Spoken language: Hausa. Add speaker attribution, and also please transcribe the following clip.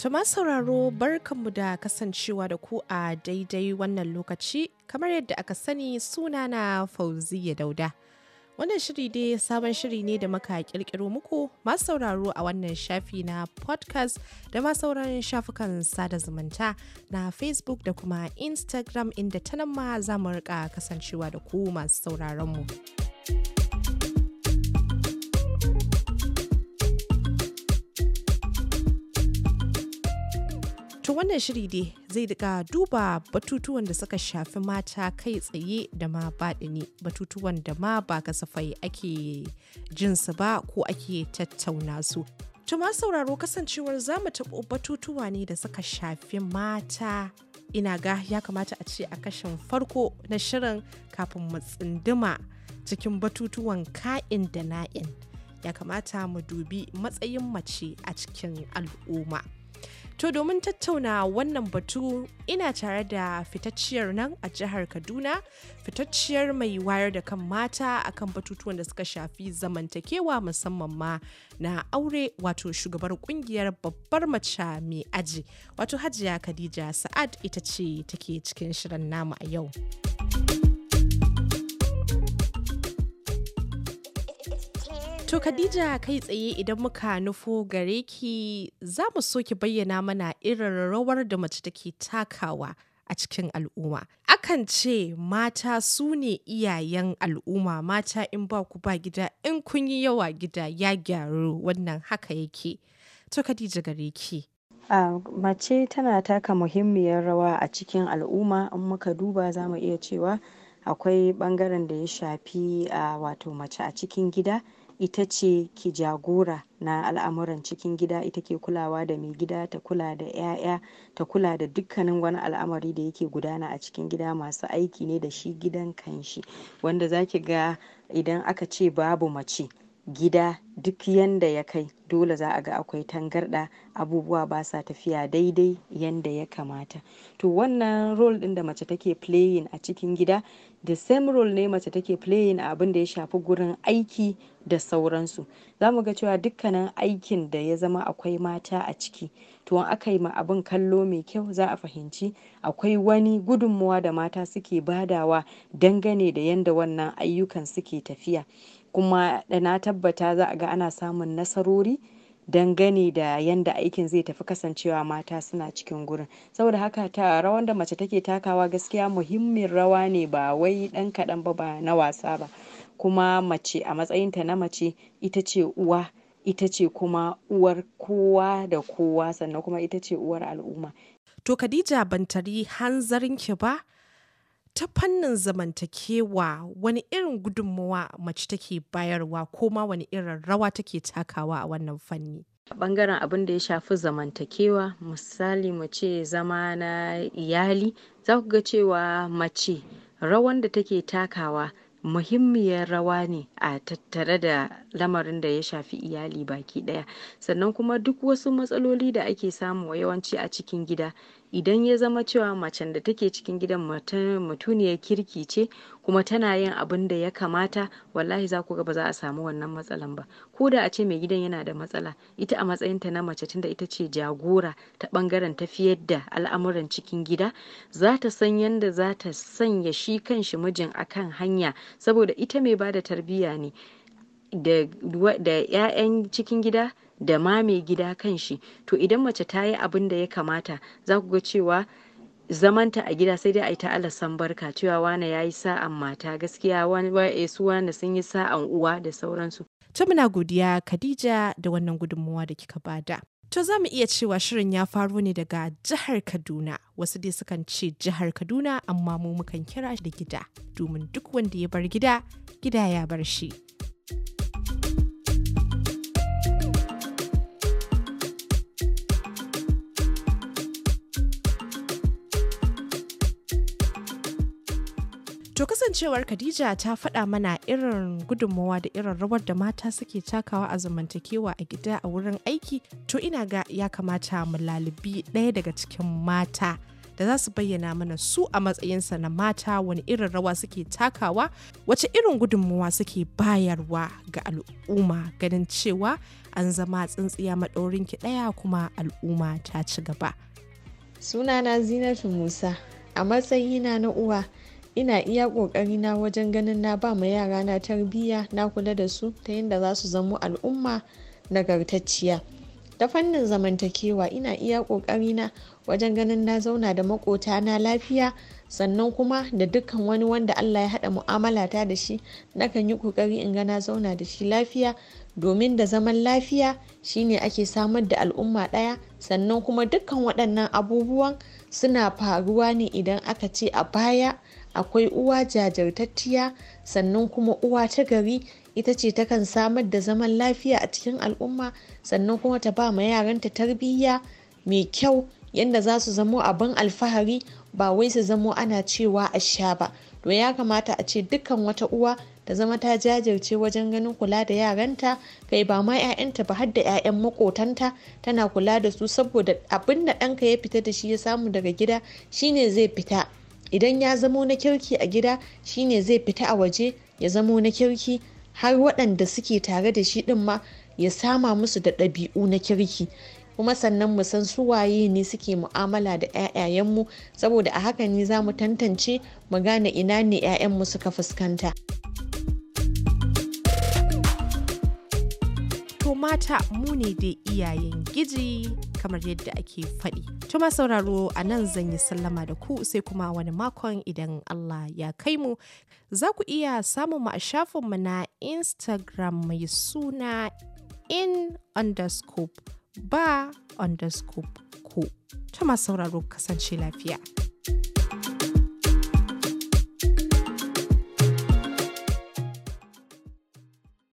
Speaker 1: Tumar sauraro barkanmu da kasancewa da ku a daidai wannan lokaci kamar yadda aka sani suna sunana ya Dauda. Wannan shiri dai sabon shiri ne da muka kirkiro muku masu sauraro a wannan shafi na podcast da masu sauran shafukan sada zumunta na Facebook da kuma Instagram inda ta nan ma za mu rika kasancewa da ku masu sauraronmu. mu. wannan shiri dai zai dika duba batutuwan da suka shafi mata kai tsaye da ma baɗini batutuwan da ma ba kasafai ake jinsu ba ko ake tattauna su. Tuma sauraro kasancewar za mu taɓo batutuwa ne da suka shafi mata ina ga ya kamata a ce a kashin farko na shirin kafin mu tsinduma cikin batutuwan ka'in da na'in ya kamata mu dubi matsayin mace a cikin al'umma. To domin tattauna wannan batu ina tare da fitacciyar nan a jihar Kaduna, fitacciyar mai wayar da kan mata akan batutuwan da suka shafi zamantakewa musamman ma na aure wato shugabar kungiyar babbar mace mai aji wato Hajiya Khadija Sa'ad ita ce take cikin shirin namu a yau. To Khadija kai tsaye idan muka nufo gare ki za mu so ki bayyana mana irin rawar da mace take takawa a cikin al'umma. Akan ce mata su ne iyayen al'umma mata in ba ku ba gida in kun yi yawa gida ya gyaru wannan haka yake. To Khadija gare
Speaker 2: ki. mace tana taka muhimmiyar rawa a cikin al'umma in muka duba za mu iya cewa akwai bangaren da ya shafi wato mace a cikin gida. ita ce ki jagora na al'amuran cikin gida ita ke kulawa da mai gida ta kula da 'ya'ya ta kula da dukkanin wani al'amari da yake gudana a cikin gida masu aiki ne da shi gidan kanshi wanda zaki ga idan aka ce babu mace gida duk yanda ya kai dole za a ga akwai tangarɗa abubuwa ba sa tafiya daidai yanda ya kamata to wannan role ɗin da mace take playing a cikin gida the same role ne mace take playing a abin da ya shafi gurin aiki da sauransu za mu ga cewa dukkanin aikin da ya zama akwai mata a ciki to an aka yi ma abin kallo mai kyau za a fahimci akwai wani gudunmuwa da mata suke badawa dangane da yanda wannan ayyukan suke tafiya kuma da na tabbata za a ga ana samun nasarori dangane da yanda aikin zai tafi kasancewa mata suna cikin gurin saboda haka ta rawan da mace take takawa gaskiya muhimmin rawa ne ba wai ɗan kaɗan ba na wasa ba kuma mace a matsayinta na mace ita ce uwa ita ce kuma uwar kowa da kowa sannan kuma ita ce uwar al'umma to khadija ban tari hanzarin ki ba
Speaker 1: ta fannin zamantakewa wani irin gudunmawa mace take bayarwa ko ma wani irin rawa take takawa a wannan fanni
Speaker 2: a bangaren abin da ya shafi zamantakewa misali mu zama na iyali za ku ga cewa mace rawan da take takawa muhimmiyar rawa ne a tattare da lamarin da ya shafi iyali baki daya sannan kuma duk wasu matsaloli da ake samu yawanci a cikin gida idan ya zama cewa macen da take cikin gidan mutuniyar kirki ce kuma tana yin abin da ya kamata wallahi za ku ga ba za a samu wannan matsalan ba ko da a ce mai gidan yana da matsala ita a matsayinta na mace tunda ita ce jagora ta bangaren tafiyar da al'amuran cikin gida za ta san yadda za ta sanya shi kan shi mijin akan hanya saboda ita mai ba da tarbiyya ne da 'ya'yan cikin gida da ma mai gida kan shi to idan mace ta yi abin da ya kamata za ku ga cewa zamanta a gida sai dai a yi ta alasan barka cewa wane ya yi sa'an mata gaskiya wani su wane sun yi sa'an uwa da sauransu.
Speaker 1: Ta muna godiya Khadija da wannan gudunmawa da kika bada. To za mu iya cewa shirin ya faru ne daga jihar Kaduna, wasu dai sukan ce jihar Kaduna amma mu mukan kira da gida, domin duk wanda ya bar gida, gida ya bar shi. To kasancewar Khadija ta faɗa mana irin gudunmawa da irin rawar da mata suke takawa a zamantakewa a gida a wurin aiki, to ina ga ya kamata mu lalibi ɗaya daga cikin mata da za su bayyana mana su a matsayinsa na mata wani irin rawa suke takawa, wace irin gudunmawa suke bayarwa ga al'umma ganin cewa an zama tsintsiya ki ɗaya kuma al'umma ta ci gaba.
Speaker 3: Sunana Zinatu Musa a matsayina na uwa. ina iya ƙoƙari wajen ganin na ba ma yara na tarbiyya na kula da su ta yadda za su zamo al'umma nagartacciya ta fannin zamantakewa ina iya ƙoƙarina wajen ganin na zauna da makota na lafiya sannan kuma da dukkan wani wanda Allah ya haɗa mu'amala ta da shi nakan yi ƙoƙari in ga na zauna da shi lafiya domin da zaman lafiya shine ake samar da al'umma ɗaya sannan kuma dukkan waɗannan abubuwan suna faruwa ne idan aka ce a baya akwai uwa jajirtacciya sannan kuma uwa ta gari ita ce takan samar da zaman lafiya a cikin al'umma sannan kuma ta ba ma yaranta tarbiyya mai kyau yadda za su zamo abin alfahari ba wai su zamo ana cewa a sha ba to ya kamata a ce dukkan wata uwa ta zama ta jajirce wajen ganin kula da yaranta kai ba ma 'ya'yanta ba har da 'ya'yan makotanta tana kula da su saboda abin da ɗanka ya fita da shi ya samu daga gida shine zai fita idan ya zamo na kirki a gida shine zai fita a waje ya zamo na kirki har waɗanda suke tare da shi ɗin ma ya sama musu da ɗabi'u na kirki kuma sannan mu san su waye ne suke mu'amala da 'ya'yayenmu saboda a haka ne za mu tantance mu gane ina ne 'ya'yanmu suka fuskanta. To mata mu ne da iyayen giji
Speaker 1: kamar yadda ake faɗi. Tuma sauraro a nan zan yi sallama da ku sai kuma wani makon idan Allah ya kai mu. Za ku iya samun mu a shafinmu na Instagram mai suna in underscore ba underscore ku. Tuma sauraro kasance lafiya.